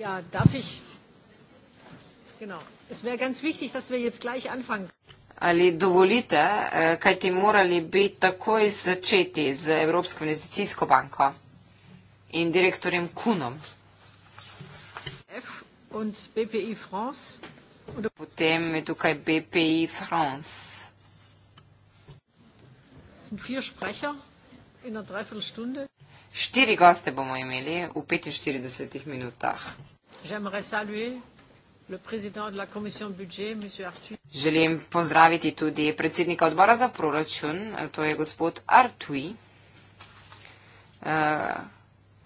Ja, Ali dovolite, eh, kajti morali bi takoj začeti z Evropsko investicijsko banko in direktorjem Kunom. Potem je tukaj BPI France. Sind vier Sprecher in einer Dreiviertelstunde? Štiri goste bomo imeli v 45 minutah. Želim pozdraviti tudi predsednika odbora za proračun, to je gospod Artui. Eh,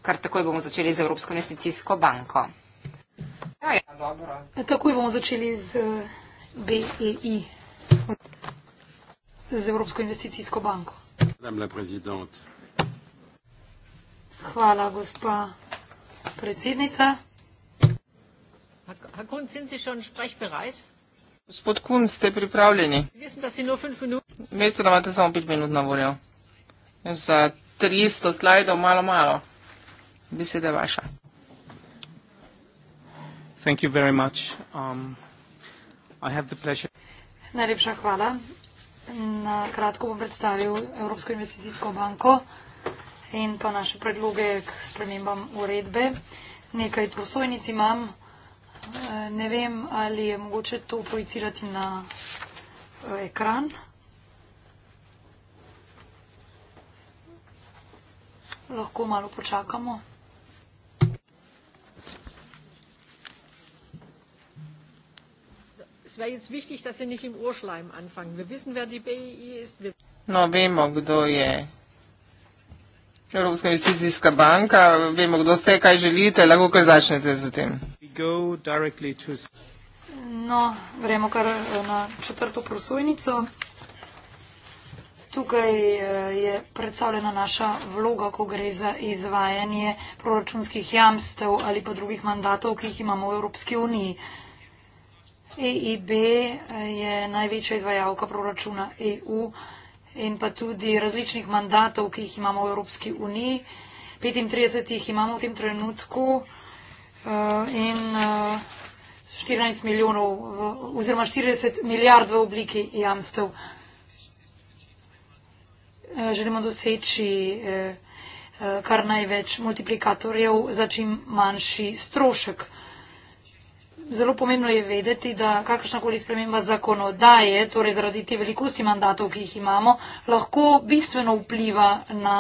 kar takoj bomo začeli z Evropsko investicijsko banko. Ja, ja, takoj bomo začeli z eh, BEI, z Evropsko investicijsko banko. Hvala, gospa predsednica. Gospod Kun, ste pripravljeni? Veste, da imate samo pet minut na voljo. Za 300 slajdov, malo, malo. Beseda je vaša. Um, Najlepša hvala. Na kratko bom predstavil Evropsko investicijsko banko in pa naše predloge k spremembam uredbe. Nekaj prosojnic imam. Eh, ne vem, ali je mogoče to projicirati na eh, ekran. Lahko malo počakamo. No, vemo, kdo je Evropska investicijska banka, vemo, kdo ste, kaj želite, lahko kar začnete z tem. No, gremo kar eh, na četrto prosojnico. Tukaj eh, je predstavljena naša vloga, ko gre za izvajanje proračunskih jamstev ali pa drugih mandatov, ki jih imamo v Evropski uniji. EIB eh, je največja izvajalka proračuna EU in pa tudi različnih mandatov, ki jih imamo v Evropski uniji. 35 jih imamo v tem trenutku eh, in 14 eh, milijonov oziroma 40 milijard v obliki jamstev. Eh, želimo doseči kar največ multiplikatorjev za čim manjši strošek. Zelo pomembno je vedeti, da kakršnakoli sprememba zakonodaje, torej zaradi te velikosti mandatov, ki jih imamo, lahko bistveno vpliva na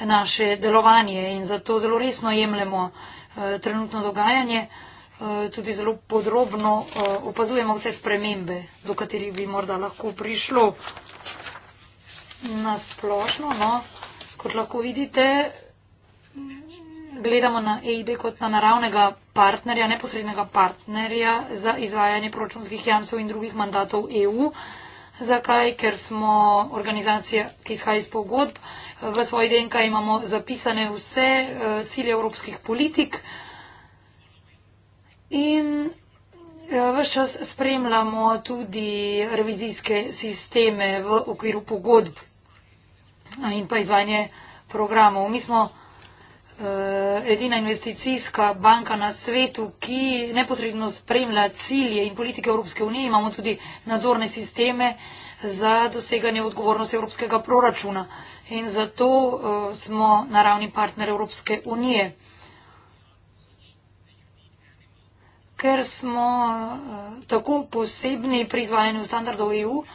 naše delovanje in zato zelo resno jemljemo eh, trenutno dogajanje, eh, tudi zelo podrobno eh, opazujemo vse spremembe, do katerih bi morda lahko prišlo na splošno. No, kot lahko vidite, gledamo na EIB kot na naravnega partnerja, neposrednega partnerja za izvajanje proračunskih jamstv in drugih mandatov EU. Zakaj? Ker smo organizacija, ki izhaja iz pogodb, v svoji DNK imamo zapisane vse eh, cilje evropskih politik in eh, vse čas spremljamo tudi revizijske sisteme v okviru pogodb in pa izvajanje programov. Mi smo Eh, edina investicijska banka na svetu, ki neposredno spremlja cilje in politike Evropske unije. Imamo tudi nadzorne sisteme za doseganje odgovornosti evropskega proračuna. In zato uh, smo naravni partner Evropske unije. Ker smo uh, tako posebni pri izvajanju standardov EU, uh,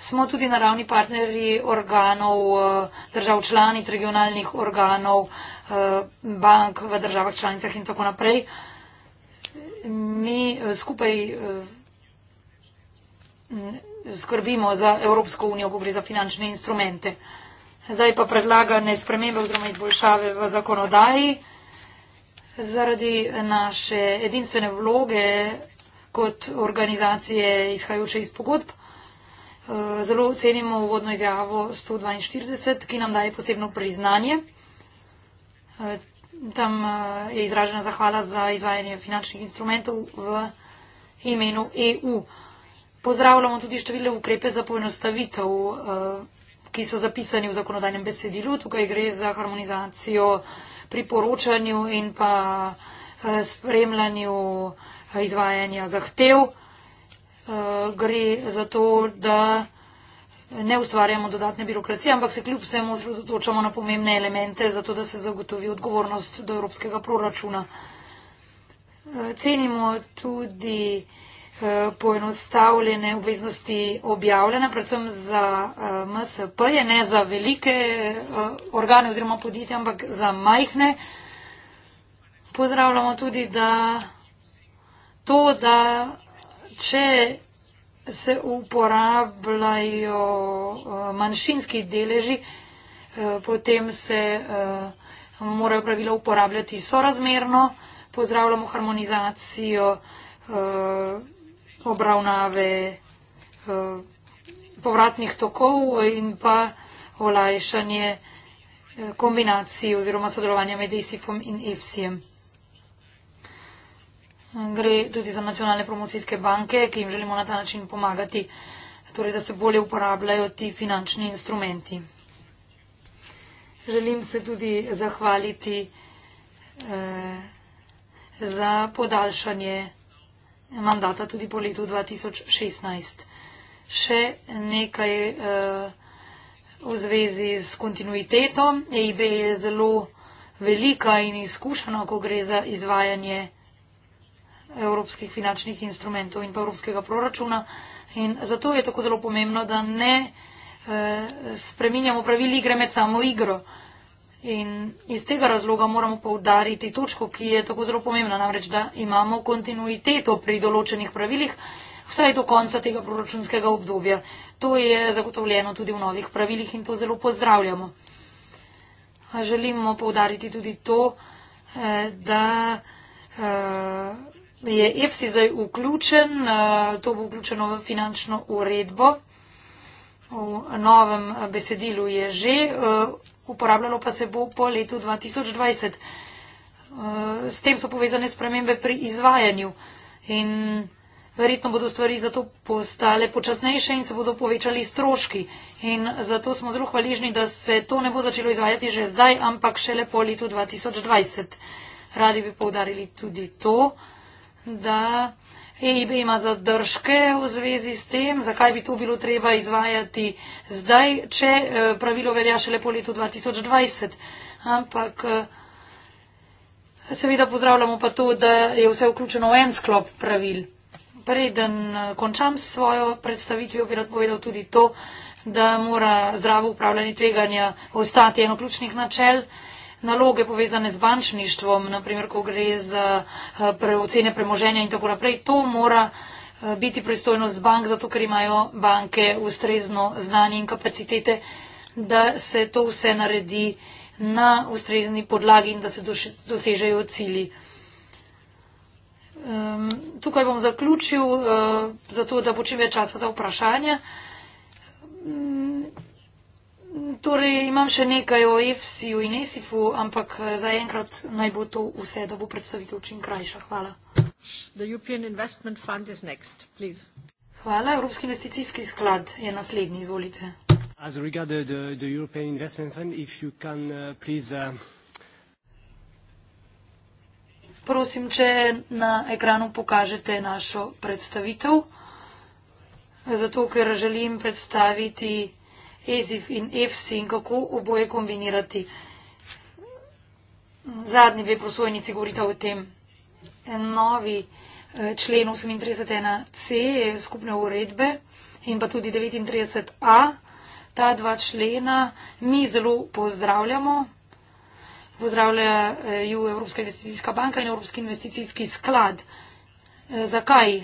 smo tudi na ravni partnerji organov eh, držav članic, regionalnih organov, eh, bank v državah članicah in tako naprej. Mi eh, skupaj skrbimo za Evropsko unijo, ko gre za finančne instrumente. Zdaj pa predlagane spremembe oziroma izboljšave v zakonodaji zaradi naše edinstvene vloge kot organizacije izhajajoče iz pogodb. Eh, zelo ocenimo uvodno izjavo 142, ki nam daje posebno priznanje. Eh, tam eh, je izražena zahvala za izvajanje finančnih instrumentov v imenu EU. Pozdravljamo tudi številne ukrepe za poenostavitev, ki so zapisani v zakonodajnem besedilu. Tukaj gre za harmonizacijo pri poročanju in pa spremljanju izvajanja zahtev uh, gre za to, da ne ustvarjamo dodatne birokracije, ampak se kljub vsemu osredotočamo na pomembne elemente, zato da se zagotovi odgovornost do evropskega proračuna. Eh, cenimo tudi eh, poenostavljene obveznosti objavljene, predvsem za MSP, je ne za velike organe oziroma podjetja, ampak za majhne. Pozdravljamo tudi, da to, da če se uporabljajo eh, manjšinski deleži, eh, potem se eh, morajo pravila uporabljati sorazmerno. Pozdravljamo harmonizacijo obravnave povratnih tokov in pa olajšanje kombinacij oziroma sodelovanja med ISIF-om in IFSI-em. Gre tudi za nacionalne promocijske banke, ki jim želimo na ta način pomagati, torej da se bolje uporabljajo ti finančni instrumenti. Želim se tudi zahvaliti eh, za podaljšanje mandata tudi po letu 2016. Še nekaj eh, v zvezi s kontinuiteto. EIB je zelo velika in izkušena, ko gre za izvajanje evropskih finančnih instrumentov in pa evropskega proračuna. In zato je tako zelo pomembno, da ne eh, spreminjamo pravil igre med samo igro. In iz tega razloga moramo poudariti točko, ki je tako zelo pomembna, namreč, da imamo kontinuiteto pri določenih pravilih, vsaj do konca tega proračunskega obdobja. To je zagotovljeno tudi v novih pravilih in to zelo pozdravljamo. Želimo poudariti tudi to, eh, da. Eh, je EFSI zdaj vključen, eh, to bo vključeno v finančno uredbo, v novem eh, besedilu je že, eh, uporabljalo pa se bo po letu 2020. S tem so povezane spremembe pri izvajanju in verjetno bodo stvari zato postale počasnejše in se bodo povečali stroški. In zato smo zelo hvaližni, da se to ne bo začelo izvajati že zdaj, ampak šele po letu 2020. Radi bi poudarili tudi to da EIB ima zadržke v zvezi s tem, zakaj bi to bilo treba izvajati zdaj, če e, pravilo velja šele po letu 2020. Ampak e, seveda pozdravljamo pa to, da je vse vključeno v en sklop pravil. Preden e, končam svojo predstavitvijo, bi rad povedal tudi to, da mora zdravo upravljanje tveganja ostati eno ključnih načel naloge povezane z bančništvom, naprimer, ko gre za eh, ocene premoženja in tako naprej, to mora eh, biti pristojnost bank, zato ker imajo banke ustrezno znanje in kapacitete, da se to vse naredi na ustrezni podlagi in da se dosežejo cili. Ehm, tukaj bom zaključil, eh, zato da bo čim več časa za vprašanja. Torej, imam še nekaj o EFSI-ju in ESIF-u, ampak eh, zaenkrat naj bo to vse, da bo predstavitev čim krajša. Hvala. Hvala. Evropski investicijski sklad je naslednji. Izvolite. Uh, uh, Prosim, če na ekranu pokažete našo predstavitev, zato ker želim predstaviti. EZIF in EFSI in kako oboje kombinirati. Zadnji dve prosojnici govorita o tem. En novi eh, člen 38.1c skupne uredbe in pa tudi 39a. Ta dva člena mi zelo pozdravljamo. Pozdravljajo Evropska investicijska banka in Evropski investicijski sklad. Eh, zakaj?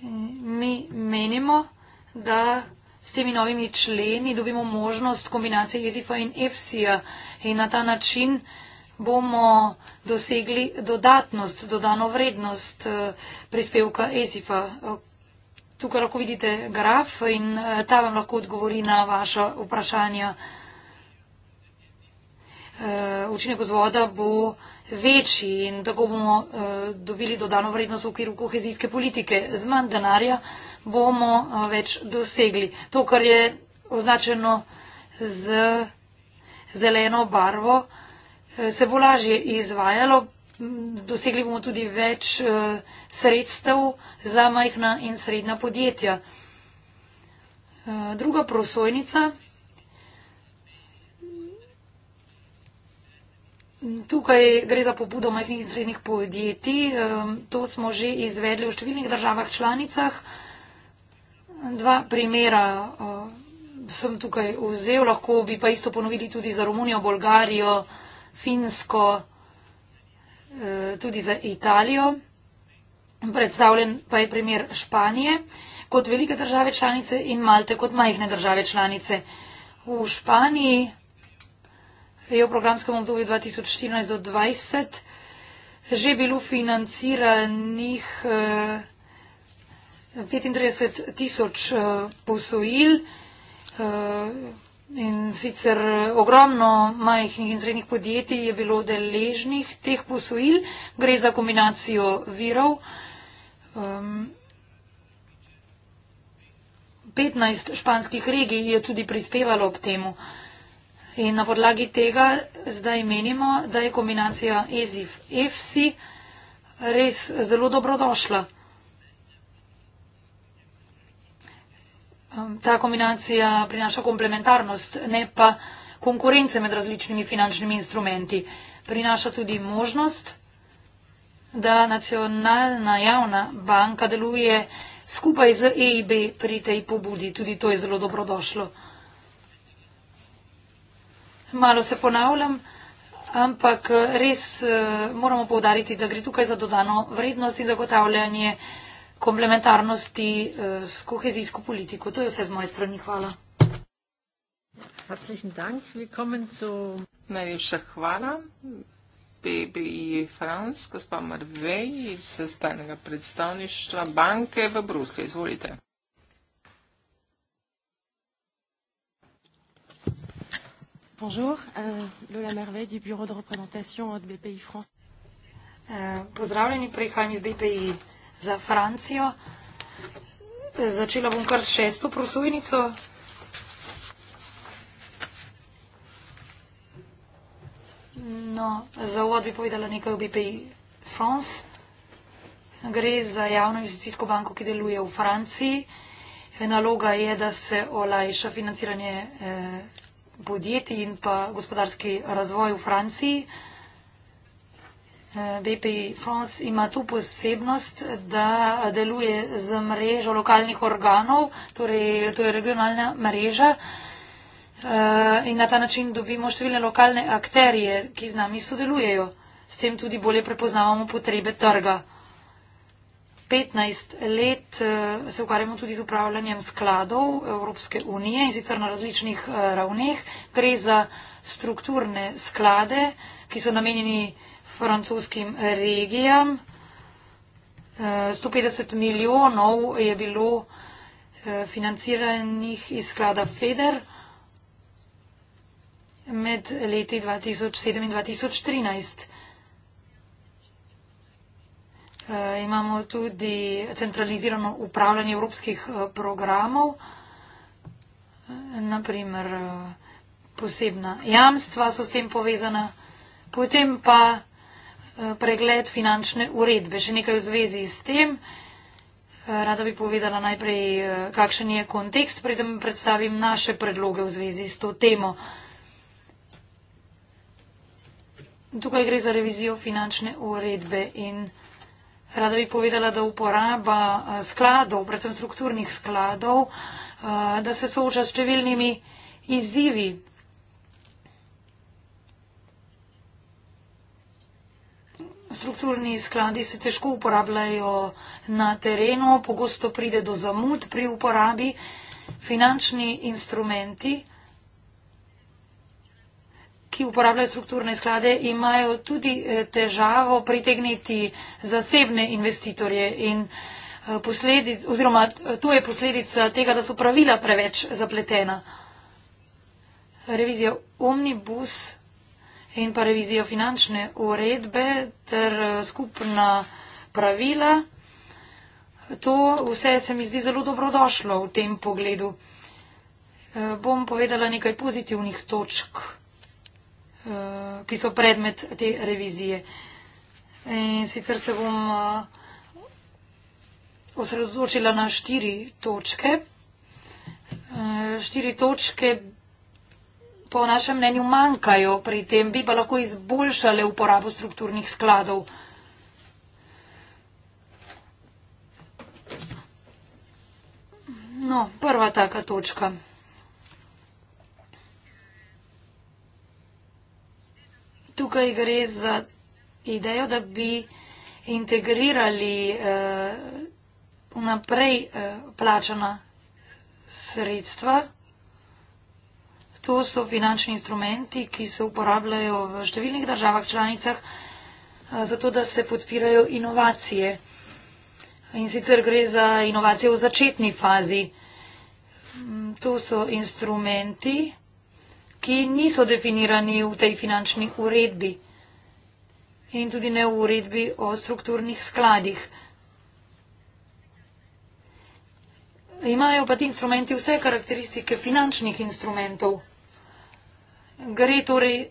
Mi menimo, da s temi novimi členi dobimo možnost kombinacije jezika in EFSI-ja in na ta način bomo dosegli dodatnost, dodano vrednost eh, prispevka EZIF-a. Eh, Tukaj lahko vidite graf in eh, ta vam lahko odgovori na vaše vprašanja. Učinek vzvoda bo večji in tako bomo dobili dodano vrednost v okviru kohezijske politike z manj denarja bomo več dosegli. To, kar je označeno z zeleno barvo, e, se bo lažje izvajalo. Dosegli bomo tudi več e, sredstev za majhna in srednja podjetja. E, druga prosojnica. Tukaj gre za pobudo majhnih in srednjih podjetij. To smo že izvedli v številnih državah članicah. Dva primera uh, sem tukaj vzel, lahko bi pa isto ponovili tudi za Romunijo, Bolgarijo, Finsko, uh, tudi za Italijo. Predstavljen pa je primer Španije kot velike države članice in Malte kot majhne države članice. V Španiji je v programskem obdobju 2014 do 2020 že bilo financiranih. Uh, 35 tisoč eh, posojil eh, in sicer ogromno majhnih in srednjih podjetij je bilo deležnih teh posojil. Gre za kombinacijo virov. 15 ehm, španskih regij je tudi prispevalo ob temu. In na podlagi tega zdaj menimo, da je kombinacija EZIF-EFSI res zelo dobrodošla. ta kombinacija prinaša komplementarnost, ne pa konkurence med različnimi finančnimi instrumenti. Prinaša tudi možnost, da nacionalna javna banka deluje skupaj z EIB pri tej pobudi. Tudi to je zelo dobrodošlo. Malo se ponavljam, ampak res eh, moramo povdariti, da gre tukaj za dodano vrednost in zagotavljanje komplementarnosti eh, s kohezijsko politiko. To je vse z moje strani. Hvala. Najlepša hvala. BBI France, gospa Marvej iz sestavnega predstavništva banke v Bruslju. Izvolite. Bonjour, euh, Lola Merveille du Bureau de représentation de BPI France. Eh, pozdravljeni, prihajam iz BPI France za Francijo. Začela bom kar s šesto prosojnico. No, za uvod bi povedala nekaj o BPI France. Gre za javno investicijsko banko, ki deluje v Franciji. Naloga je, da se olajša financiranje eh, podjetij in pa gospodarski razvoj v Franciji. Eh, Eh, VP France ima tu posebnost, da deluje z mrežo lokalnih organov, torej to je regionalna mreža eh, in na ta način dobimo številne lokalne akterije, ki z nami sodelujejo. S tem tudi bolje prepoznavamo potrebe trga. 15 let eh, se ukvarjamo tudi z upravljanjem skladov Evropske unije in sicer na različnih ravneh. Gre za strukturne sklade, ki so namenjeni francoskim regijam. 150 eh, milijonov je bilo eh, financiranih iz sklada FEDER med leti 2007 in 2013. Eh, imamo tudi centralizirano upravljanje evropskih programov, naprimer posebna jamstva so s tem povezana, potem pa Eh, pregled finančne uredbe. Še nekaj v zvezi s tem. Eh, rada bi povedala najprej, eh, kakšen je kontekst, predem predstavim naše predloge v zvezi s to temo. Tukaj gre za revizijo finančne uredbe in rada bi povedala, da uporaba skladov, predvsem strukturnih skladov, da se sooča s številnimi izzivi strukturni skladi se težko uporabljajo na terenu, pogosto pride do zamud pri uporabi. Finančni instrumenti, ki uporabljajo strukturne sklade, imajo tudi eh, težavo pritegniti zasebne investitorje in eh, posledic, oziroma eh, to je posledica tega, da so pravila preveč zapletena. Revizija Omnibus in pa revizijo finančne uredbe ter eh, skupna pravila. To vse se mi zdi zelo dobrodošlo v tem pogledu. Eh, bom povedala nekaj pozitivnih točk, eh, ki so predmet te revizije. In sicer se bom osredotočila na štiri točke. Štiri točke po našem mnenju manjkajo pri tem, bi pa lahko izboljšale uporabo strukturnih skladov. No, prva taka točka. Tukaj gre za idejo, da bi integrirali eh, naprej eh, plačana sredstva To so finančni instrumenti, ki se uporabljajo v številnih državah članicah, eh, zato da se podpirajo inovacije. In sicer gre za inovacije v začetni fazi. Mm, to so instrumenti, ki niso definirani v tej finančni uredbi in tudi ne v uredbi o strukturnih skladih. Imajo pa ti instrumenti vse karakteristike finančnih instrumentov gre torej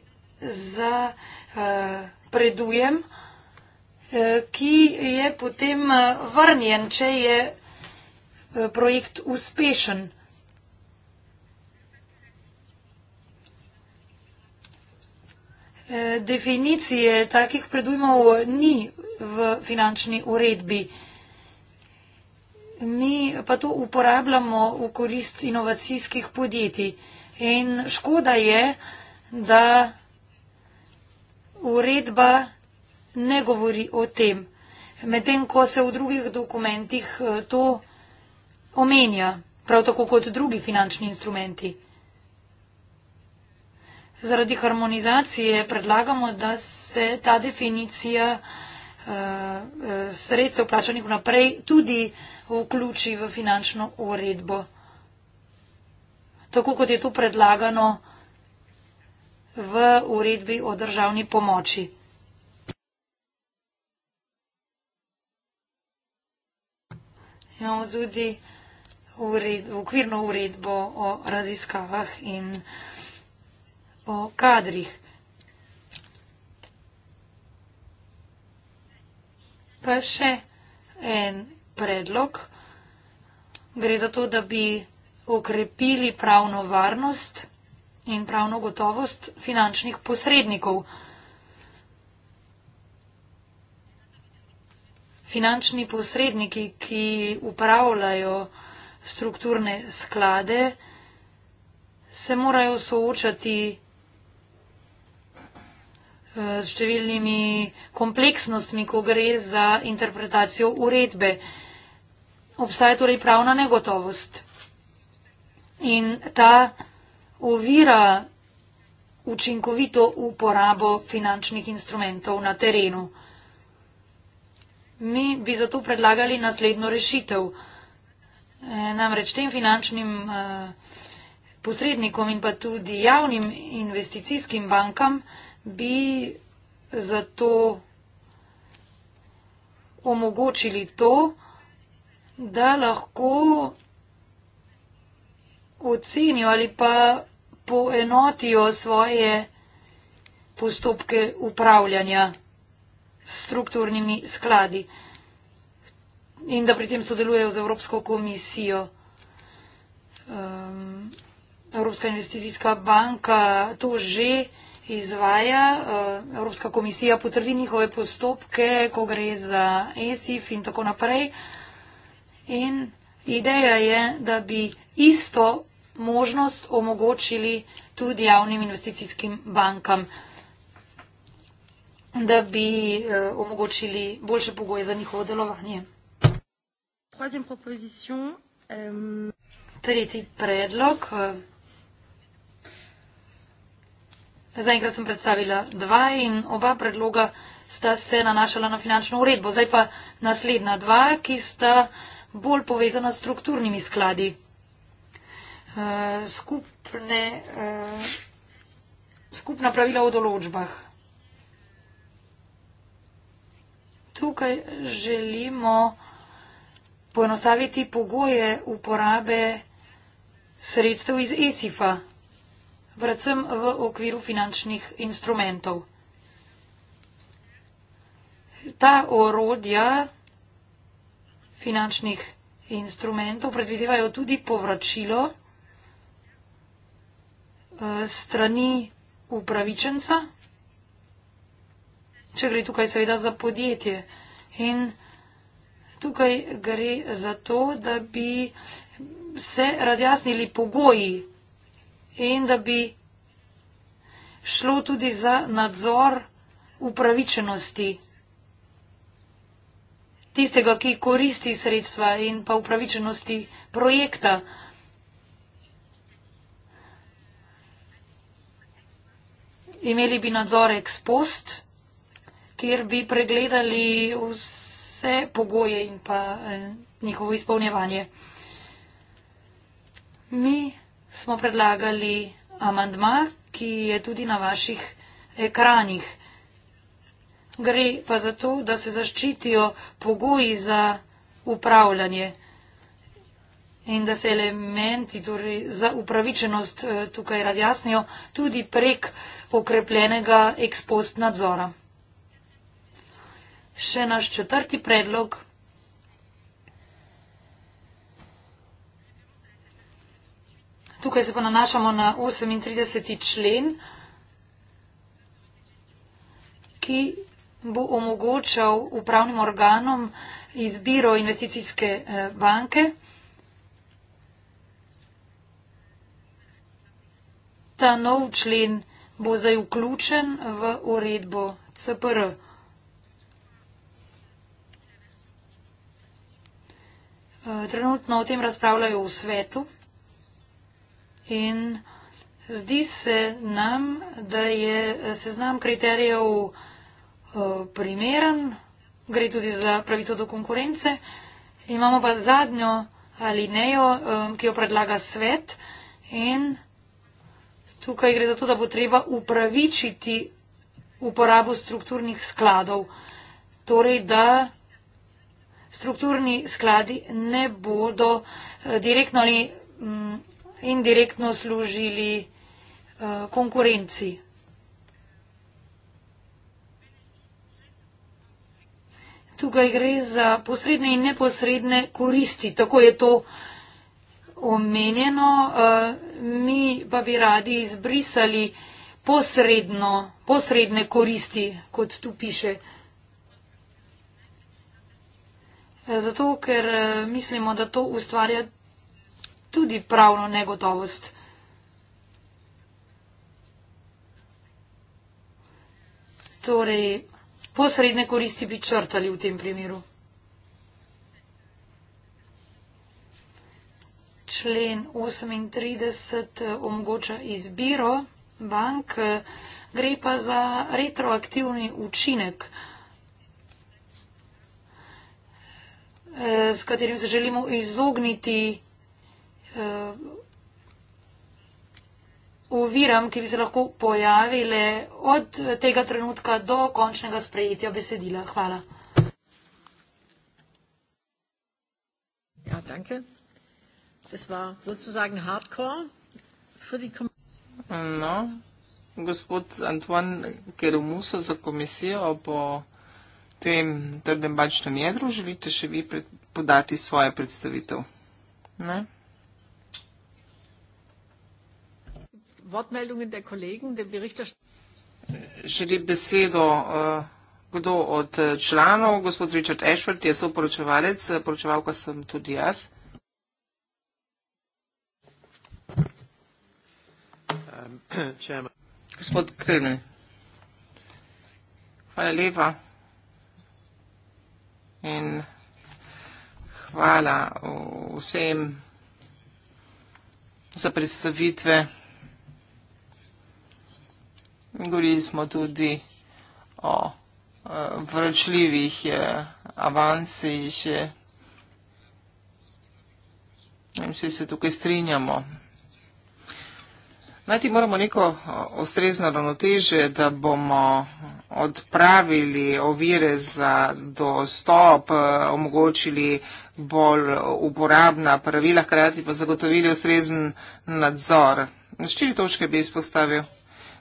za eh, predujem, eh, ki je potem eh, vrnjen, če je projekt uspešen. Definicije takih predujmov ni v finančni uredbi. Mi pa to uporabljamo v korist inovacijskih podjetij. In škoda je, da uredba ne govori o tem, medtem ko se v drugih dokumentih eh, to omenja, prav tako kot drugi finančni instrumenti. Zaradi harmonizacije predlagamo, da se ta definicija eh, eh, sredstev plačanih naprej tudi vključi v finančno uredbo tako kot je to predlagano v uredbi o državni pomoči. Imamo tudi ured, okvirno uredbo o raziskavah in o kadrih. Pa še en predlog. Gre za to, da bi okrepili pravno varnost in pravno gotovost finančnih posrednikov. Finančni posredniki, ki upravljajo strukturne sklade, se morajo soočati eh, s številnimi kompleksnostmi, ko gre za interpretacijo uredbe. Obstaja torej pravna negotovost. In ta ovira učinkovito uporabo finančnih instrumentov na terenu. Mi bi zato predlagali naslednjo rešitev. E, namreč tem finančnim e, posrednikom in pa tudi javnim investicijskim bankam bi zato omogočili to, da lahko ocenijo ali pa poenotijo svoje postopke upravljanja s strukturnimi skladi in da pri tem sodelujejo z Evropsko komisijo. Ehm, Evropska investicijska banka to že izvaja, ehm, Evropska komisija potrdi njihove postopke, ko gre za ESIF in tako naprej. In ideja je, da bi isto možnost omogočili tudi javnim investicijskim bankam, da bi eh, omogočili boljše pogoje za njihovo delovanje. Euh, Tretji predlog. Zaenkrat sem predstavila dva in oba predloga sta se nanašala na finančno uredbo. Zdaj pa naslednja dva, ki sta bolj povezana s strukturnimi skladi. Eh, skupne, uh, skupna pravila v določbah. Tukaj želimo poenostaviti pogoje uporabe sredstev iz ESIF-a, predvsem v okviru finančnih instrumentov. Ta orodja finančnih instrumentov predvidevajo tudi povračilo Eh, strani upravičenca, če gre tukaj seveda za podjetje. In tukaj gre za to, da bi se razjasnili pogoji in da bi šlo tudi za nadzor upravičenosti tistega, ki koristi sredstva in pa upravičenosti projekta. imeli bi nadzor ex post, kjer bi pregledali vse pogoje in pa eh, njihovo izpolnjevanje. Mi smo predlagali amandma, ki je tudi na vaših ekranih. Gre pa za to, da se zaščitijo pogoji za upravljanje in da se elementi torej, za upravičenost eh, tukaj razjasnijo tudi prek okrepljenega ekspost nadzora. Še naš četrti predlog. Tukaj se pa nanašamo na 38. člen, ki bo omogočal upravnim organom izbiro investicijske eh, banke. ta nov člen bo zdaj vključen v uredbo CPR. Eh, trenutno o tem razpravljajo v svetu in zdi se nam, da je seznam kriterijev eh, primeren, gre tudi za pravico do konkurence. Imamo pa zadnjo alinejo, eh, ki jo predlaga svet in Tukaj gre za to, da bo treba upravičiti uporabo strukturnih skladov, torej da strukturni skladi ne bodo eh, direktno ali mm, indirektno služili eh, konkurenci. Tukaj gre za posredne in neposredne koristi, tako je to omenjeno, eh, mi pa bi radi izbrisali posredno, posredne koristi, kot tu piše. Eh, zato, ker eh, mislimo, da to ustvarja tudi pravno negotovost. Torej, posredne koristi bi črtali v tem primeru. člen 38 eh, omogoča izbiro bank, eh, gre pa za retroaktivni učinek, eh, s katerim se želimo izogniti oviram, ki bi se lahko pojavile od tega trenutka do končnega sprejetja besedila. Hvala. Ja, danke es war sozusagen hardcore für die Kommission. No, gospod Antoine Keromusa za komisijo po tem trdem bančnem jedru želite še vi pred, podati svoje predstavitev. Ne? Wortmeldungen der Kollegen, der Berichterstatter. Želi besedo eh, kdo od eh, članov, gospod Richard Ashford je soporočevalec, eh, poročevalka sem tudi jaz. Chairman. Gospod Krmen. Hvala lepa. In hvala vsem za predstavitve. Govorili smo tudi o eh, vračljivih eh, avansih. Eh, vsi se tukaj strinjamo. Najti moramo neko ustrezno ravnoteže, da bomo odpravili ovire za dostop, e, omogočili bolj uporabna pravila, hkrati pa zagotovili ustrezen nadzor. Štiri točke bi izpostavil.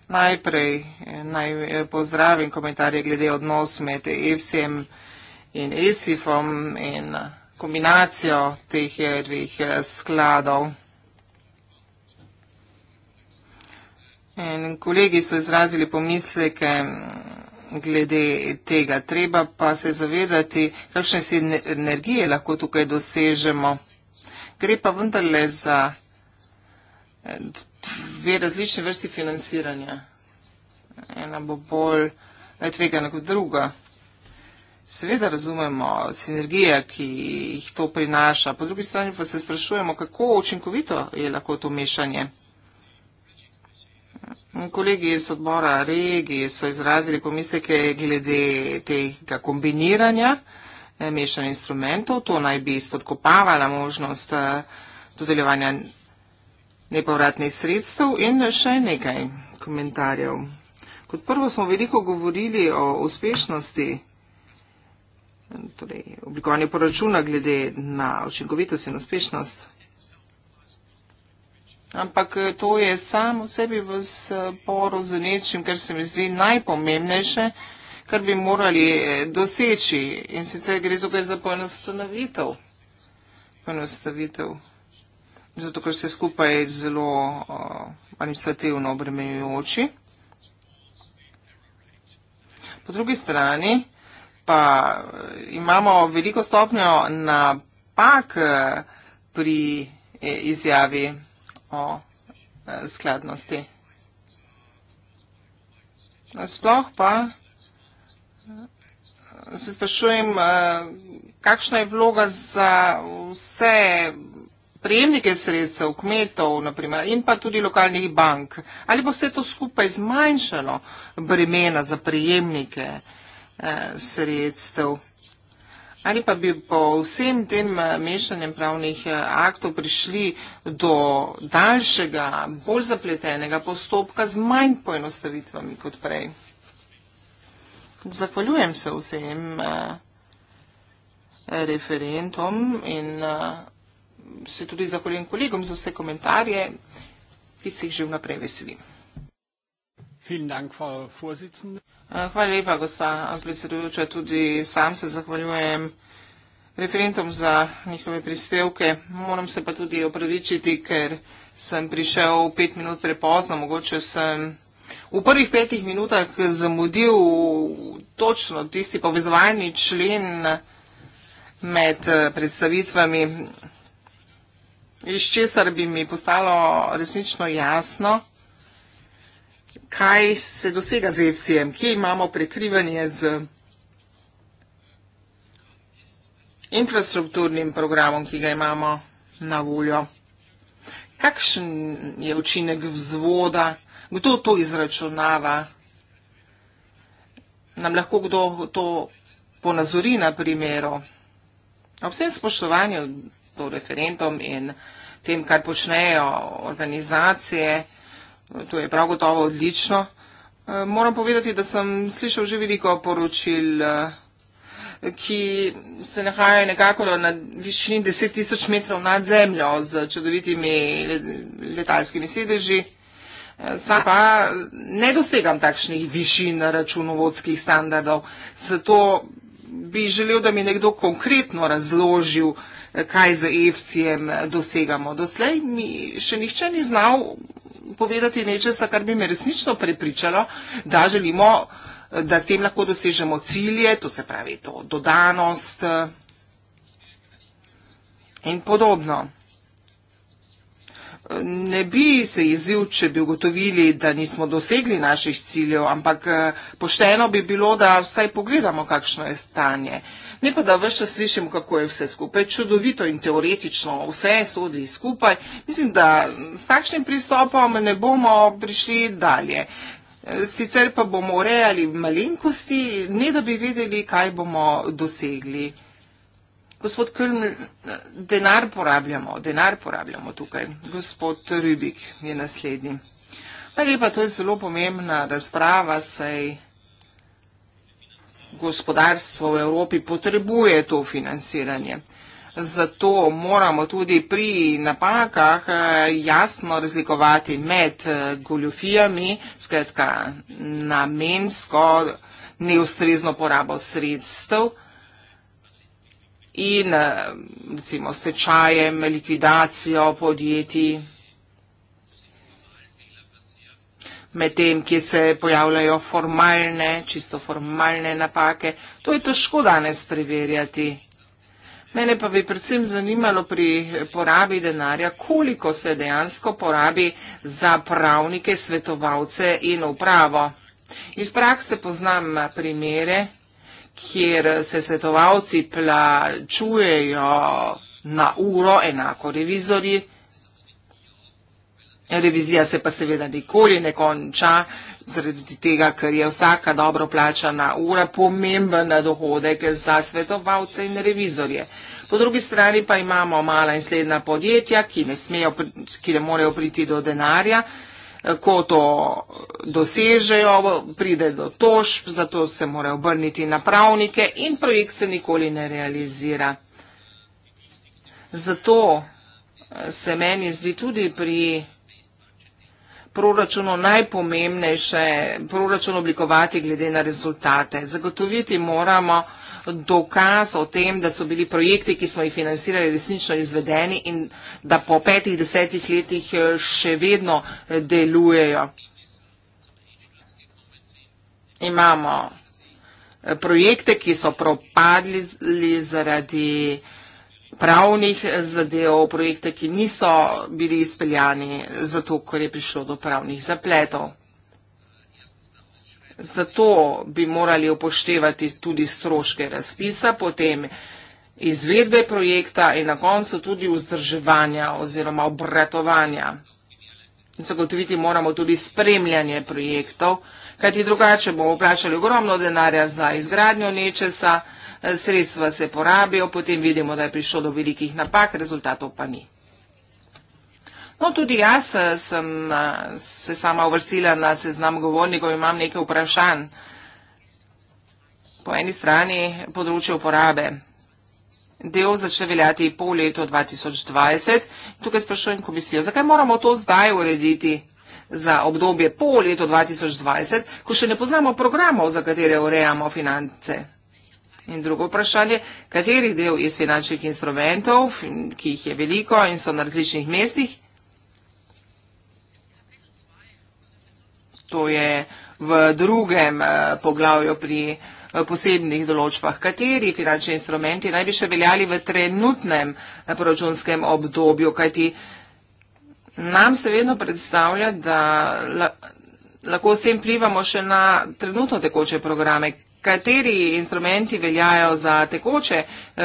Najprej e, naj e, pozdravim komentarje glede odnos med EFSEM in ESIFom in kombinacijo teh dveh skladov. In kolegi so izrazili pomisleke glede tega. Treba pa se zavedati, kakšne si energije lahko tukaj dosežemo. Gre pa vendarle za eh, dve različne vrsti financiranja. Ena bo bolj eh, tvegana kot druga. Seveda razumemo sinergije, ki jih to prinaša. Po drugi strani pa se sprašujemo, kako učinkovito je lahko to mešanje. Kolegi iz odbora regiji so izrazili pomisleke glede tega kombiniranja eh, mešanih instrumentov. To naj bi spodkopavala možnost eh, dodeljevanja nepovratnih sredstev in še nekaj komentarjev. Kot prvo smo veliko govorili o uspešnosti eh, torej, oblikovanja poračuna glede na učinkovitost in uspešnost Ampak eh, to je samo v sebi v sporu z nečim, kar se mi zdi najpomembnejše, kar bi morali eh, doseči. In sicer gre tukaj za poenostavitev. Poenostavitev. Zato, ker se skupaj zelo uh, administrativno obremenjujoči. Po drugi strani pa imamo veliko stopnjo napak pri eh, izjavi o e, skladnosti. Sploh pa se sprašujem, e, kakšna je vloga za vse prejemnike sredstev, kmetov naprimer, in pa tudi lokalnih bank. Ali bo vse to skupaj zmanjšalo bremena za prejemnike e, sredstev? Ali pa bi po vsem tem eh, mešanjem pravnih eh, aktov prišli do daljšega, bolj zapletenega postopka z manj poenostavitvami kot prej? Zahvaljujem se vsem eh, referentom in se tudi zahvaljujem kolegom za vse komentarje, ki se jih že vnaprej veselim. Vielen Dank, Frau Vorsitzende. Hvala lepa, gospa predsedujoča. Tudi sam se zahvaljujem referentom za njihove prispevke. Moram se pa tudi opravičiti, ker sem prišel pet minut prepozno. Mogoče sem v prvih petih minutah zamudil točno tisti povezovalni člen med eh, predstavitvami, iz česar bi mi postalo resnično jasno kaj se dosega z EFSI-jem, kje imamo prekrivanje z infrastrukturnim programom, ki ga imamo na voljo. Kakšen je učinek vzvoda? Kdo to izračunava? Nam lahko kdo to ponazori na primeru? O vsem spoštovanju do referendum in tem, kar počnejo organizacije, To je prav gotovo odlično. E, moram povedati, da sem slišal že veliko poročil, e, ki se nahajajo nekako na višini 10 tisoč metrov nad zemljo z čudovitimi letalskimi sedeži. E, sam pa ne dosegam takšnih višin računovodskih standardov, zato bi želel, da mi nekdo konkretno razložil, kaj z EFC-jem dosegamo. Doslej mi še nihče ni znal povedati nečesa, kar bi me resnično prepričalo, da želimo, da s tem lahko dosežemo cilje, to se pravi to dodanost eh, in podobno ne bi se jezil, če bi ugotovili, da nismo dosegli naših ciljev, ampak eh, pošteno bi bilo, da vsaj pogledamo, kakšno je stanje. Ne pa, da vse čas slišimo, kako je vse skupaj čudovito in teoretično, vse sodi skupaj. Mislim, da s takšnim pristopom ne bomo prišli dalje. Eh, sicer pa bomo urejali malenkosti, ne da bi vedeli, kaj bomo dosegli. Gospod Kölm, denar porabljamo, denar porabljamo tukaj. Gospod Rübik je naslednji. Pa lepa, to je zelo pomembna razprava, saj gospodarstvo v Evropi potrebuje to financiranje. Zato moramo tudi pri napakah eh, jasno razlikovati med eh, goljofijami, skratka namensko, neustrezno porabo sredstev in eh, recimo stečajem, likvidacijo podjetij, med tem, kje se pojavljajo formalne, čisto formalne napake. To je težko danes preverjati. Mene pa bi predvsem zanimalo pri porabi denarja, koliko se dejansko porabi za pravnike, svetovalce in upravo. Iz prakse poznam primere, kjer se svetovalci plačujejo na uro, enako revizori. Revizija se pa seveda nikoli ne konča, zaradi tega, ker je vsaka dobro plačana ura pomemben dohodek za svetovalce in revizorje. Po drugi strani pa imamo mala in sledna podjetja, ki ne, smejo, ki ne morejo priti do denarja, ko to dosežejo, pride do tožb, zato se morajo obrniti na pravnike in projekt se nikoli ne realizira. Zato se meni zdi tudi pri proračunu najpomembnejše proračun oblikovati glede na rezultate. Zagotoviti moramo, dokaz o tem, da so bili projekti, ki smo jih financirali, resnično izvedeni in da po petih, desetih letih eh, še vedno eh, delujejo. Imamo eh, projekte, ki so propadli zaradi pravnih zadev, projekte, ki niso bili izpeljani zato, ker je prišlo do pravnih zapletov. Zato bi morali upoštevati tudi stroške razpisa, potem izvedbe projekta in na koncu tudi vzdrževanja oziroma obratovanja. Zagotoviti moramo tudi spremljanje projektov, kajti drugače bomo plačali ogromno denarja za izgradnjo nečesa, sredstva se porabijo, potem vidimo, da je prišlo do velikih napak, rezultatov pa ni. No, tudi jaz eh, sem eh, se sama uvrstila na seznam govornikov in imam nekaj vprašanj. Po eni strani področje uporabe. Del začne veljati po letu 2020. Tukaj sprašujem komisijo, zakaj moramo to zdaj urediti za obdobje po letu 2020, ko še ne poznamo programov, za katere urejamo finance. In drugo vprašanje, kateri del iz finančnih instrumentov, ki jih je veliko in so na različnih mestih, to je v drugem eh, poglavju pri eh, posebnih določbah, kateri finančni instrumenti naj bi še veljali v trenutnem eh, proračunskem obdobju, kajti nam se vedno predstavlja, da lahko s tem plivamo še na trenutno tekoče programe, kateri instrumenti veljajo za tekoče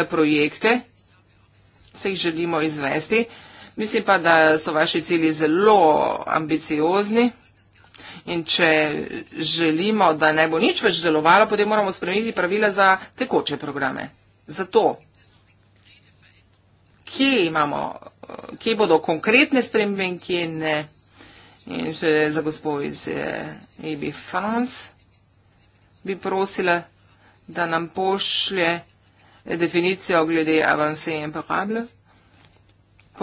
projekte, se jih želimo izvesti. Mislim pa, da so vaši cilji zelo ambiciozni. In če želimo, da ne bo nič več delovalo, potem moramo spremeniti pravila za tekoče programe. Zato, kje, imamo, kje bodo konkretne spremembe in kje ne. In še za gospod iz EB eh, France bi prosila, da nam pošlje eh, definicijo glede avanse in parable.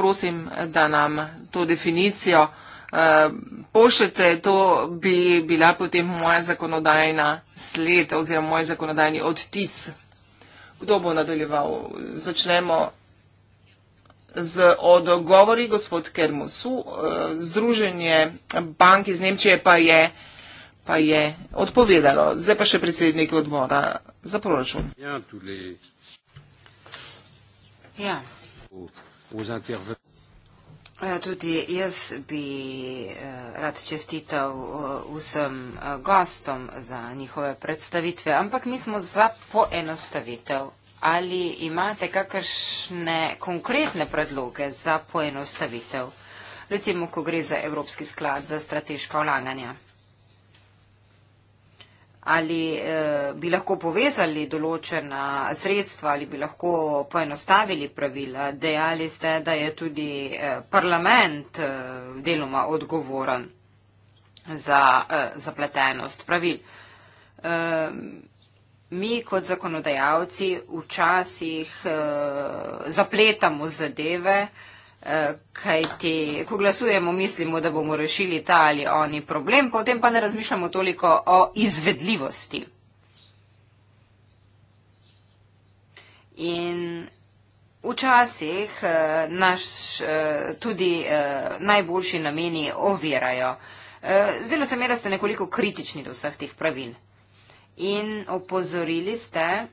Prosim, da nam to definicijo. Eh, pošljete, to bi bila potem moja zakonodajna sled oziroma moj zakonodajni odtis. Kdo bo nadaljeval? Začnemo z odgovori, gospod Kermusu. Eh, Združenje bank iz Nemčije pa je, pa je odpovedalo. Zdaj pa še predsednik odbora za proračun. Ja, tudi. Ja. Uh, uh, Ja, tudi jaz bi eh, rad čestital eh, vsem eh, gostom za njihove predstavitve, ampak mi smo za poenostavitev. Ali imate kakšne konkretne predloge za poenostavitev, recimo, ko gre za Evropski sklad za strateška vlaganja? ali eh, bi lahko povezali določena sredstva ali bi lahko poenostavili pravila. Dejali ste, da je tudi eh, parlament eh, deloma odgovoren za eh, zapletenost pravil. Eh, mi kot zakonodajalci včasih eh, zapletamo zadeve eh, kajti ko glasujemo, mislimo, da bomo rešili ta ali oni problem, potem pa ne razmišljamo toliko o izvedljivosti. In včasih eh, naš eh, tudi eh, najboljši nameni ovirajo. Zelo se mi, da ste nekoliko kritični do vseh teh pravil. In opozorili ste,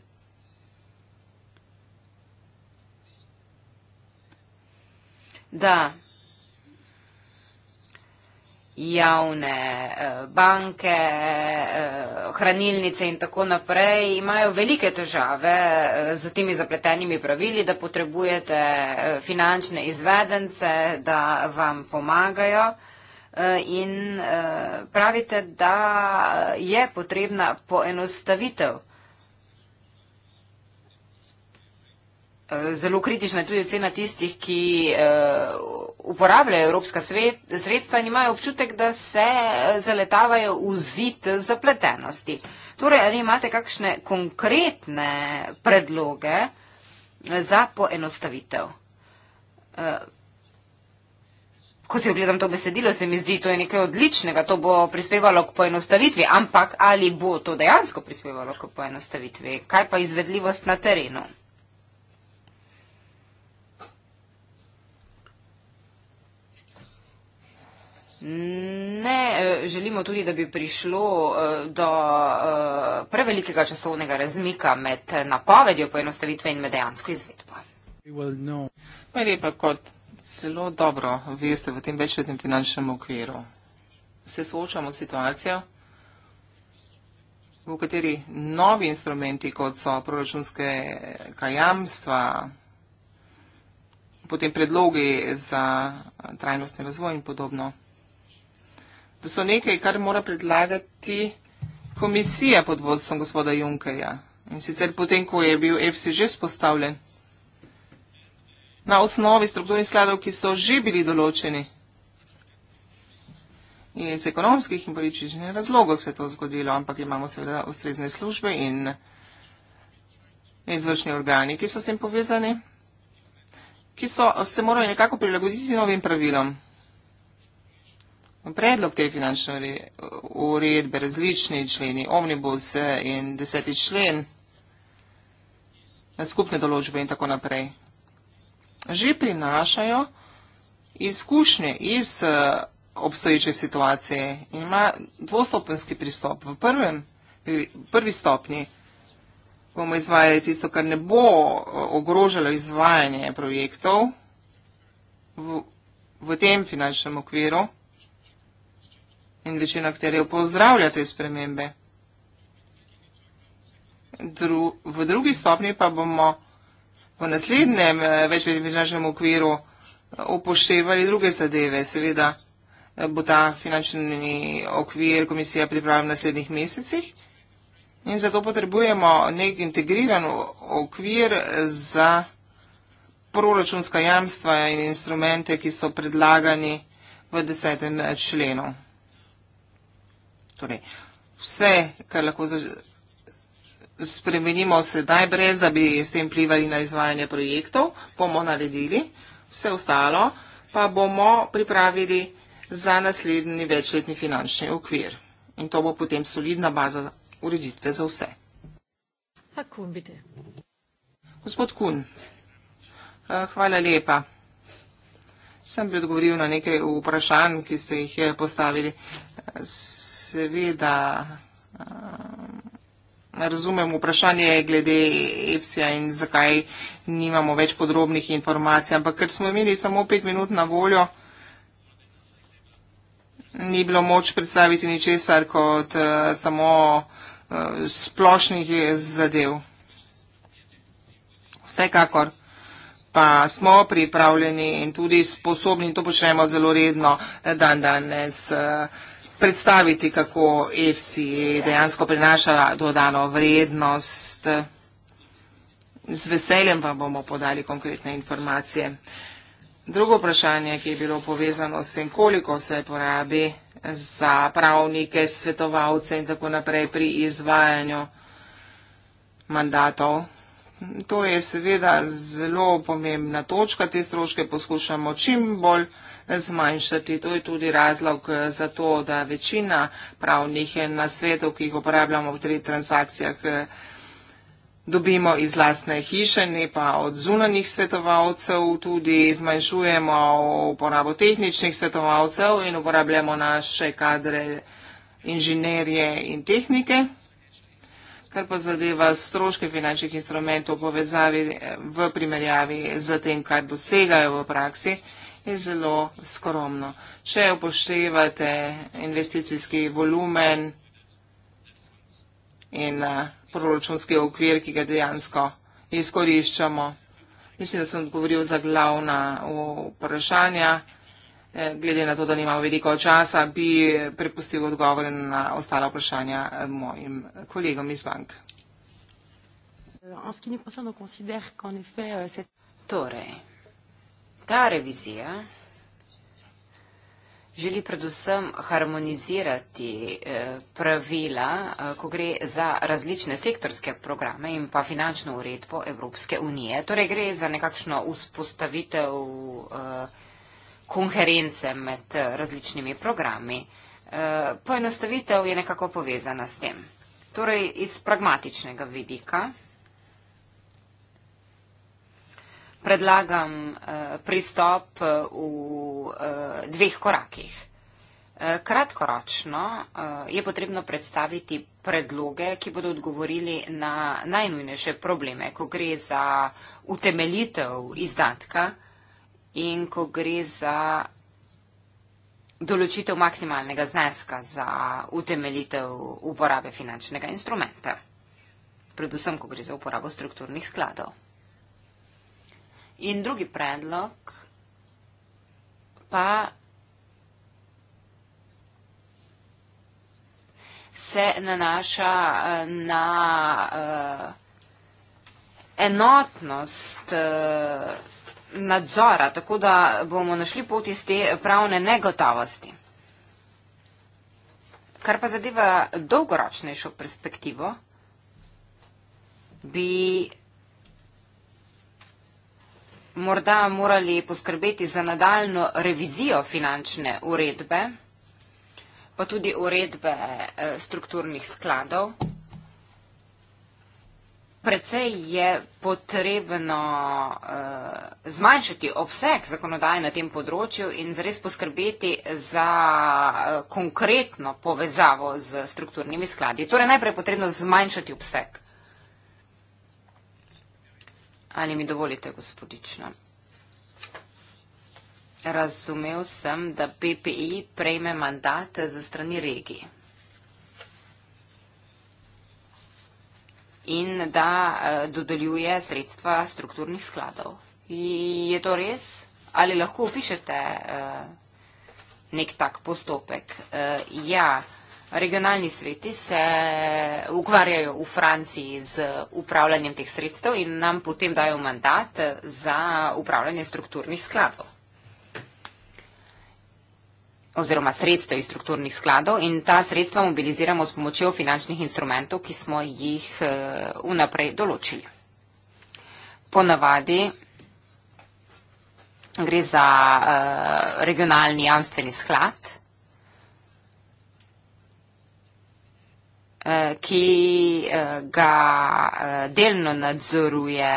da javne eh, banke, eh, hranilnice in tako naprej imajo velike težave eh, z temi zapletenimi pravili, da potrebujete finančne izvedence, da vam pomagajo. In pravite, da je potrebna poenostavitev Eh, zelo kritična je tudi ocena tistih, ki eh, uporabljajo evropska sredstva in imajo občutek, da se eh, zaletavajo v zid zapletenosti. Torej, ali imate kakšne konkretne predloge za poenostavitev? Ko si ogledam to besedilo, se mi zdi, to je nekaj odličnega, to bo prispevalo k poenostavitvi, ampak ali bo to dejansko prispevalo k poenostavitvi? Kaj pa izvedljivost na terenu? Ne, eh, želimo tudi, da bi prišlo eh, do eh, prevelikega časovnega razmika med napovedjo poenostavitve in med dejansko izvedbo. Meni pa kot zelo dobro veste v tem večletnem finančnem okviru. Se soočamo s situacijo, v kateri novi instrumenti, kot so proračunske kajamstva, potem predlogi za trajnostni razvoj in podobno, da so nekaj, kar mora predlagati komisija pod vodstvom gospoda Junkerja. In sicer potem, ko je bil FC že spostavljen. Na osnovi strukturnih skladov, ki so že bili določeni. In iz ekonomskih in političnih razlogov se je to zgodilo, ampak imamo seveda ustrezne službe in izvršni organi, ki so s tem povezani, ki so se morali nekako prilagoditi novim pravilom. Predlog te finančne uredbe, različni členi, omnibus in deseti člen, skupne določbe in tako naprej, že prinašajo izkušnje iz eh, obstoječe situacije in ima dvostopenski pristop. V prvem, prvi stopnji bomo izvajali tisto, kar ne bo eh, ogrožalo izvajanje projektov v, v tem finančnem okviru in večina akterjev pozdravlja te spremembe. Dru v drugi stopni pa bomo v naslednjem eh, večvečnem okviru eh, upoštevali druge zadeve. Seveda eh, bo ta finančni okvir komisija pripravila v naslednjih mesecih in zato potrebujemo nek integriran okvir za proračunska jamstva in instrumente, ki so predlagani v desetem členu torej vse, kar lahko spremenimo sedaj, brez da bi s tem plivali na izvajanje projektov, bomo naredili, vse ostalo pa bomo pripravili za naslednji večletni finančni okvir. In to bo potem solidna baza ureditve za vse. Tako bite. Gospod Kun, eh, hvala lepa. Sem bi odgovoril na nekaj vprašanj, ki ste jih eh, postavili seveda eh, razumem vprašanje glede EFSI-ja in zakaj nimamo več podrobnih informacij, ampak ker smo imeli samo pet minut na voljo, ni bilo moč predstaviti ničesar kot eh, samo eh, splošnih zadev. Vsekakor pa smo pripravljeni in tudi sposobni, to počnemo zelo redno dan danes, predstaviti, kako EFSI dejansko prinaša dodano vrednost. Z veseljem pa bomo podali konkretne informacije. Drugo vprašanje, ki je bilo povezano s tem, koliko se porabi za pravnike, svetovalce in tako naprej pri izvajanju mandatov. To je seveda zelo pomembna točka, te stroške poskušamo čim bolj zmanjšati. To je tudi razlog za to, da večina pravnih nasvetov, ki jih uporabljamo v treh transakcijah, dobimo iz lastne hiše, ne pa od zunanjih svetovalcev, tudi zmanjšujemo uporabo tehničnih svetovalcev in uporabljamo naše kadre, inženirje in tehnike. Kar pa zadeva stroške finančnih instrumentov povezavi eh, v primerjavi z tem, kar dosegajo v praksi, je zelo skromno. Če upoštevate investicijski volumen in eh, proračunski okvir, ki ga dejansko izkoriščamo, mislim, da sem odgovoril za glavna vprašanja. Eh, glede na to, da nimam veliko časa, bi prepustil odgovore na ostala vprašanja eh, mojim kolegom iz bank. Euh, torej, ta revizija želi predvsem harmonizirati eh, pravila, ko gre za različne sektorske programe in pa finančno uredbo Evropske unije. Torej, gre za nekakšno vzpostavitev uh, konference med eh, različnimi programi. Eh, poenostavitev je nekako povezana s tem. Torej, iz pragmatičnega vidika predlagam eh, pristop v dveh korakih. Kratkoročno je potrebno predstaviti predloge, ki bodo odgovorili na najnujnejše probleme, ko gre za utemeljitev izdatka, in ko gre za določitev maksimalnega zneska za utemeljitev uporabe finančnega instrumenta, predvsem, ko gre za uporabo strukturnih skladov. In drugi predlog pa se nanaša eh, na uh, enotnost uh, nadzora, tako da bomo našli pot iz te pravne negotavosti. Kar pa zadeva dolgoročnejšo perspektivo, bi morda morali poskrbeti za nadaljno revizijo finančne uredbe, pa tudi uredbe eh, strukturnih skladov. Predvsej je potrebno uh, zmanjšati obseg zakonodaje na tem področju in zres poskrbeti za uh, konkretno povezavo z strukturnimi skladi. Torej najprej je potrebno zmanjšati obseg. Ali mi dovolite, gospodična? Razumel sem, da PPI prejme mandat za strani regiji. in da uh, dodeljuje sredstva strukturnih skladov. Je to res? Ali lahko opišete uh, nek tak postopek? Uh, ja, regionalni sveti se ukvarjajo v Franciji z upravljanjem teh sredstev in nam potem dajo mandat za upravljanje strukturnih skladov oziroma sredstev iz strukturnih skladov in ta sredstva mobiliziramo s pomočjo finančnih instrumentov, ki smo jih eh, vnaprej določili. Ponavadi gre za eh, regionalni javnstveni sklad, eh, ki ga delno nadzoruje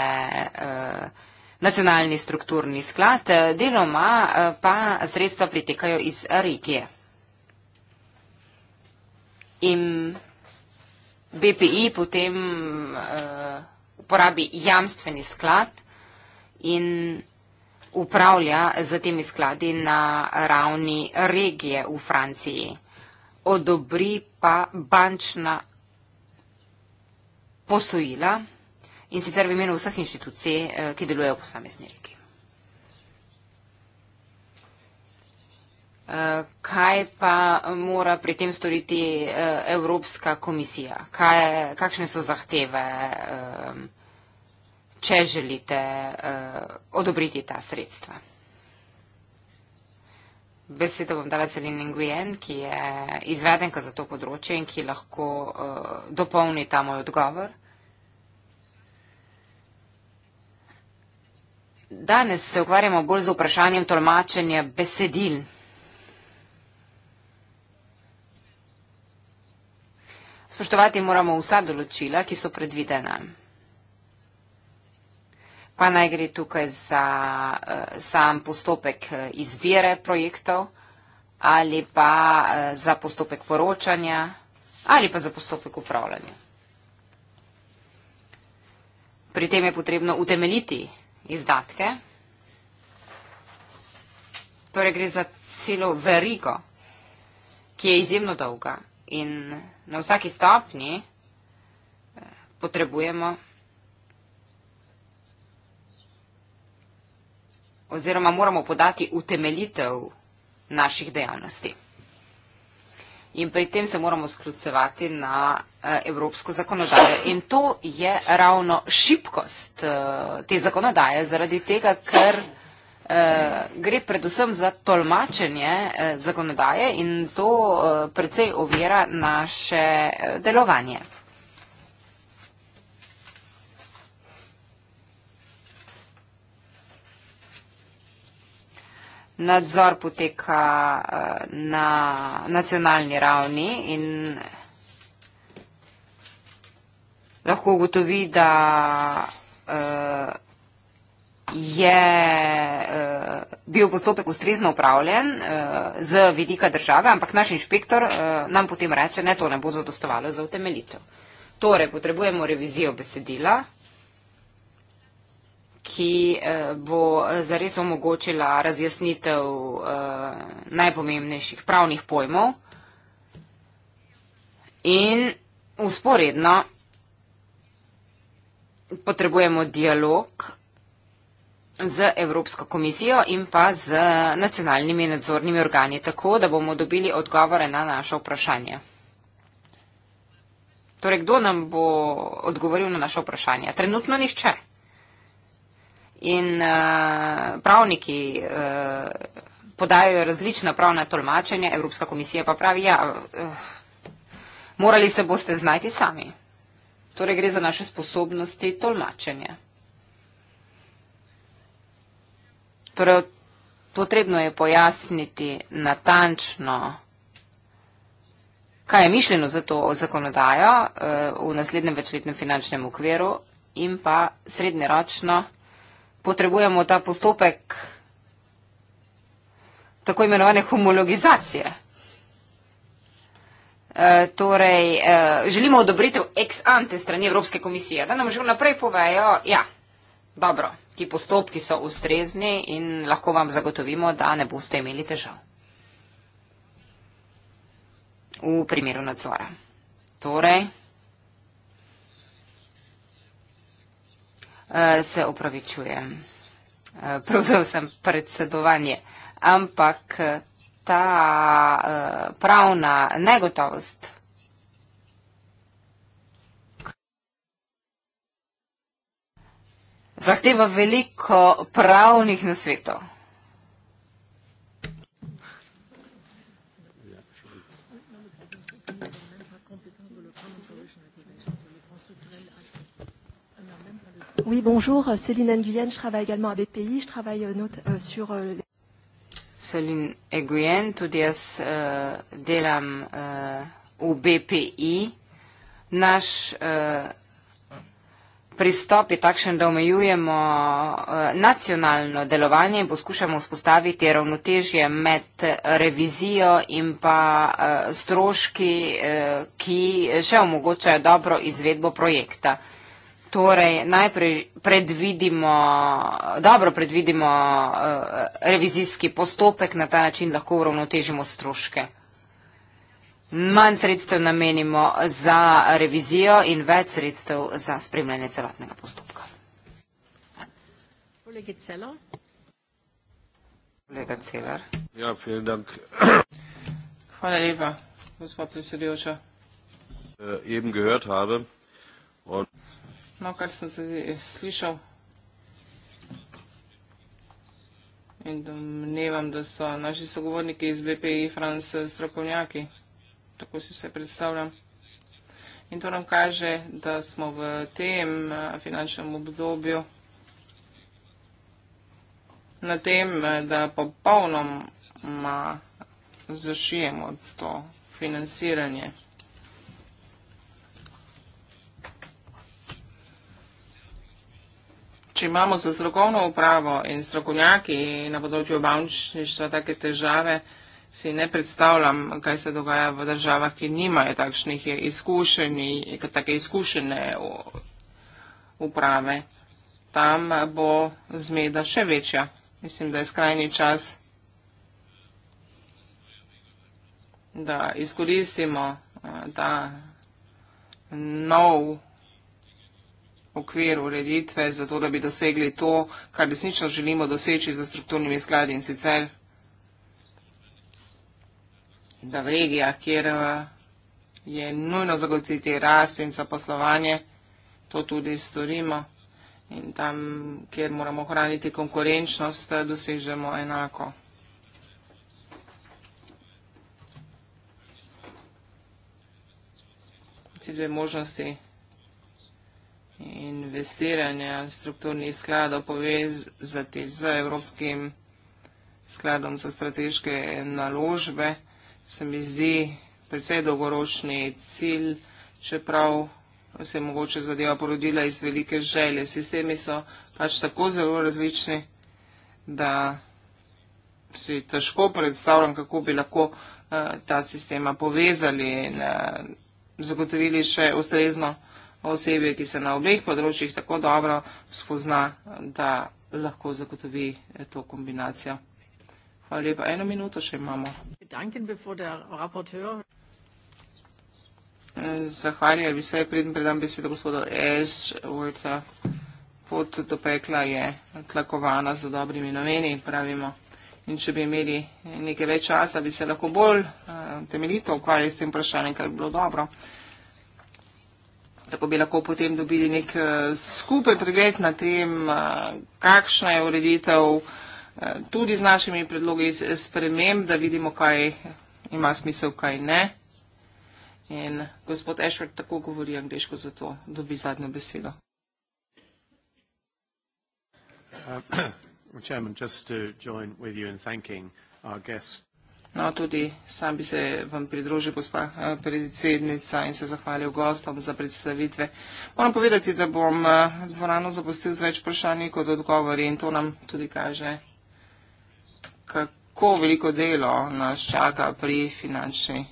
vsega, nacionalni strukturni sklad, deloma eh, pa sredstva pritekajo iz regije. In BPI potem uh, uporabi jamstveni sklad in upravlja z temi skladi na ravni regije v Franciji. Odobri pa bančna posojila in sicer v imenu vseh inštitucij, eh, ki delujejo v posamezni regiji. Eh, kaj pa mora pri tem storiti eh, Evropska komisija? Kaj, kakšne so zahteve, če želite odobriti ta sredstva? Besedo bom dala Selini Nguyen, ki je izvedenka za to področje in ki lahko dopolni ta moj odgovor. Danes se ukvarjamo bolj z vprašanjem tolmačenja besedil. Spoštovati moramo vsa določila, ki so predvidena. Pa naj gre tukaj za uh, sam postopek eh, izbire projektov ali pa uh, za postopek poročanja ali pa za postopek upravljanja. Pri tem je potrebno utemeljiti izdatke. Torej gre za celo verigo, ki je izjemno dolga in na vsaki stopni eh, potrebujemo oziroma moramo podati utemeljitev naših dejavnosti in pri tem se moramo sklucevati na eh, evropsko zakonodajo. In to je ravno šibkost eh, te zakonodaje, zaradi tega, ker eh, gre predvsem za tolmačenje zakonodaje in to precej ovira naše delovanje. nadzor poteka eh, na nacionalni ravni in lahko ugotovi, da eh, je eh, bil postopek ustrezno upravljen z vidika države, ampak naš inšpektor nam potem reče, ne, to ne bo zadostovalo za utemelitev. Torej, potrebujemo revizijo besedila, ki eh, bo zares omogočila razjasnitev eh, najpomembnejših pravnih pojmov in usporedno potrebujemo dialog z Evropsko komisijo in pa z nacionalnimi nadzornimi organi, tako da bomo dobili odgovore na naše vprašanje. Torej, kdo nam bo odgovoril na naše vprašanje? Trenutno nihče in uh, pravniki uh, podajajo različna pravna tolmačenja, Evropska komisija pa pravi, ja, uh, morali se boste znajti sami. Torej gre za naše sposobnosti tolmačenja. Prav potrebno je pojasniti natančno, kaj je mišljeno za to zakonodajo v naslednjem večletnem finančnem okviru in pa srednjeročno potrebujemo ta postopek tako imenovane homologizacije. E, torej, e, želimo odobritev ex ante strani Evropske komisije, da nam že vnaprej povejo, ja, dobro, ti postopki so ustrezni in lahko vam zagotovimo, da ne boste imeli težav. V primeru nadzora. Torej, Eh, se opravičujem. Eh, Pravzel sem predsedovanje, ampak eh, ta pravna negotovost. Zahteva veliko pravnih nasvetov. Oui, bonjour, Céline Nguyen, je travaille également à BPI, je travaille euh, note, euh, sur... Euh, les... Céline Nguyen, tu dis euh, de l'âme euh, au BPI. Naš uh, pristop je takšen, da omejujemo uh, nacionalno delovanje in poskušamo vzpostaviti ravnotežje med uh, revizijo in pa uh, stroški, uh, ki še omogočajo dobro izvedbo projekta torej najprej predvidimo, dobro predvidimo eh, revizijski postopek, na ta način lahko uravnotežimo stroške. Manj sredstev namenimo za revizijo in več sredstev za spremljanje celotnega postopka. Kolegi celo. Kolega Celar. Ja, prijem dank. Hvala lepa, gospod predsedujoča. Äh, eben gehört habe no, kar sem se eh, slišal. In domnevam, da so naši sogovorniki iz BPI Franc eh, strokovnjaki. Tako si vse predstavljam. In to nam kaže, da smo v tem eh, finančnem obdobju na tem, da popolnoma zašijemo to financiranje. če imamo za strokovno upravo in strokovnjaki na področju bančništva take težave, si ne predstavljam, kaj se dogaja v državah, ki nimajo takšnih izkušenj, take izkušene uprave. Tam bo zmeda še večja. Mislim, da je skrajni čas, da izkoristimo eh, ta nov vprašanje, okvir ureditve, zato da bi dosegli to, kar desnično želimo doseči za strukturnimi skladi in sicer, da v regijah, kjer eh, je nujno zagotiti rast in zaposlovanje, to tudi storimo in tam, kjer moramo ohraniti konkurenčnost, eh, dosežemo enako. Tudi dve možnosti investiranja strukturnih skladov povezati z Evropskim skladom za strateške naložbe. Se mi zdi predvsej dolgoročni cilj, čeprav se je mogoče zadeva porodila iz velike želje. Sistemi so pač tako zelo različni, da si težko predstavljam, kako bi lahko uh, ta sistema povezali in uh, zagotovili še ustrezno uh, osebje, ki se na obeh področjih tako dobro spozna, da lahko zagotovi eh, to kombinacijo. Hvala lepa. Eno minuto še imamo. Eh, zahvaljujem, da bi se predem predam besedo gospodu Ashworta. Pot do pekla je tlakovana za dobrimi nameni, pravimo. In če bi imeli nekaj več časa, bi se lahko bolj uh, temeljito ukvarjali s tem vprašanjem, kaj bi bilo dobro tako bi lahko potem dobili nek eh, skupen pregled na tem, eh, kakšna je ureditev eh, tudi z našimi predlogi sprememb, da vidimo, kaj ima smisel, kaj ne. In gospod Ashford tako govori angliško, zato dobi zadnjo besedo. Uh, chairman, just to join with you in thanking our guest. No, tudi sam bi se vam pridružil, gospa eh, predsednica, in se zahvalil gostom za predstavitve. Moram povedati, da bom eh, dvorano zapustil z več vprašanji kot odgovori in to nam tudi kaže, kako veliko delo nas čaka pri finančni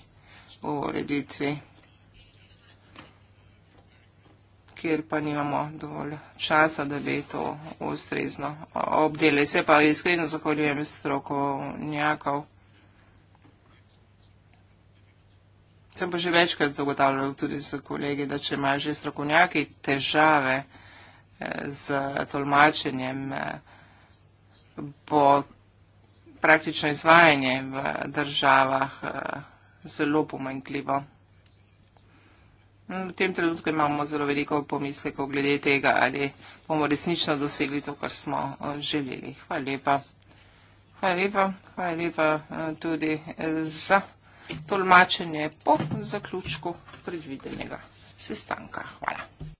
ureditvi, kjer pa nimamo dovolj časa, da bi to ustrezno obdelali. Se pa iskreno zahvaljujem strokovnjakov. Sem pa že večkrat zagotavljal tudi s kolegi, da če imajo že strokovnjaki težave eh, z tolmačenjem, eh, bo praktično izvajanje v državah eh, zelo pomanjkljivo. V tem trenutku imamo zelo veliko pomislekov glede tega, ali bomo resnično dosegli to, kar smo želeli. Hvala lepa. Hvala lepa. Hvala lepa tudi za tolmačenje po zaključku predvidenega sestanka. Hvala.